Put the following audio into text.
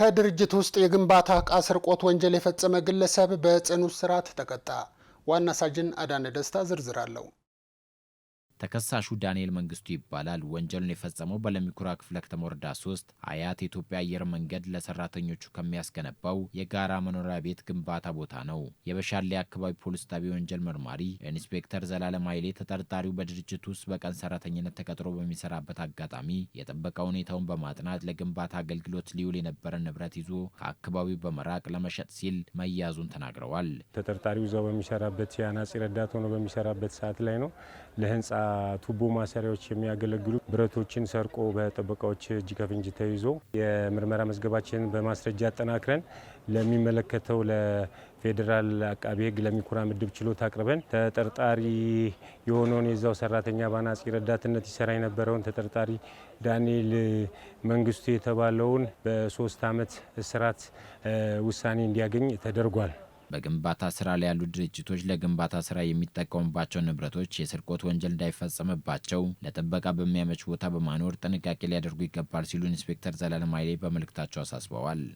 ከድርጅት ውስጥ የግንባታ ዕቃ ስርቆት ወንጀል የፈጸመ ግለሰብ በጽኑ እስራት ተቀጣ። ዋና ሳጅን አዳነ ደስታ ዝርዝር አለው። ተከሳሹ ዳንኤል መንግስቱ ይባላል። ወንጀሉን የፈጸመው በለሚኩራ ክፍለ ከተማ ወረዳ ሶስት አያት የኢትዮጵያ አየር መንገድ ለሰራተኞቹ ከሚያስገነባው የጋራ መኖሪያ ቤት ግንባታ ቦታ ነው። የበሻሌ አካባቢ ፖሊስ ጣቢያ ወንጀል መርማሪ ኢንስፔክተር ዘላለም ኃይሌ ተጠርጣሪው በድርጅቱ ውስጥ በቀን ሰራተኝነት ተቀጥሮ በሚሰራበት አጋጣሚ የጥበቃ ሁኔታውን በማጥናት ለግንባታ አገልግሎት ሊውል የነበረ ንብረት ይዞ ከአካባቢው በመራቅ ለመሸጥ ሲል መያዙን ተናግረዋል። ተጠርጣሪው እዛው በሚሰራበት የአናጺ ረዳት ሆኖ በሚሰራበት ሰዓት ላይ ነው ለህንጻ ለቱቦ ማሰሪያዎች የሚያገለግሉ ብረቶችን ሰርቆ በጥበቃዎች እጅ ከፍንጅ ተይዞ የምርመራ መዝገባችን በማስረጃ አጠናክረን ለሚመለከተው ለፌዴራል አቃቢ ሕግ ለሚኩራ ምድብ ችሎት አቅርበን ተጠርጣሪ የሆነውን የዛው ሰራተኛ በአናጺ ረዳትነት ይሰራ የነበረውን ተጠርጣሪ ዳንኤል መንግስቱ የተባለውን በሶስት አመት እስራት ውሳኔ እንዲያገኝ ተደርጓል። በግንባታ ስራ ላይ ያሉ ድርጅቶች ለግንባታ ስራ የሚጠቀሙባቸው ንብረቶች የስርቆት ወንጀል እንዳይፈጸምባቸው ለጥበቃ በሚያመች ቦታ በማኖር ጥንቃቄ ሊያደርጉ ይገባል ሲሉ ኢንስፔክተር ዘላለም ኃይሌ በመልእክታቸው አሳስበዋል።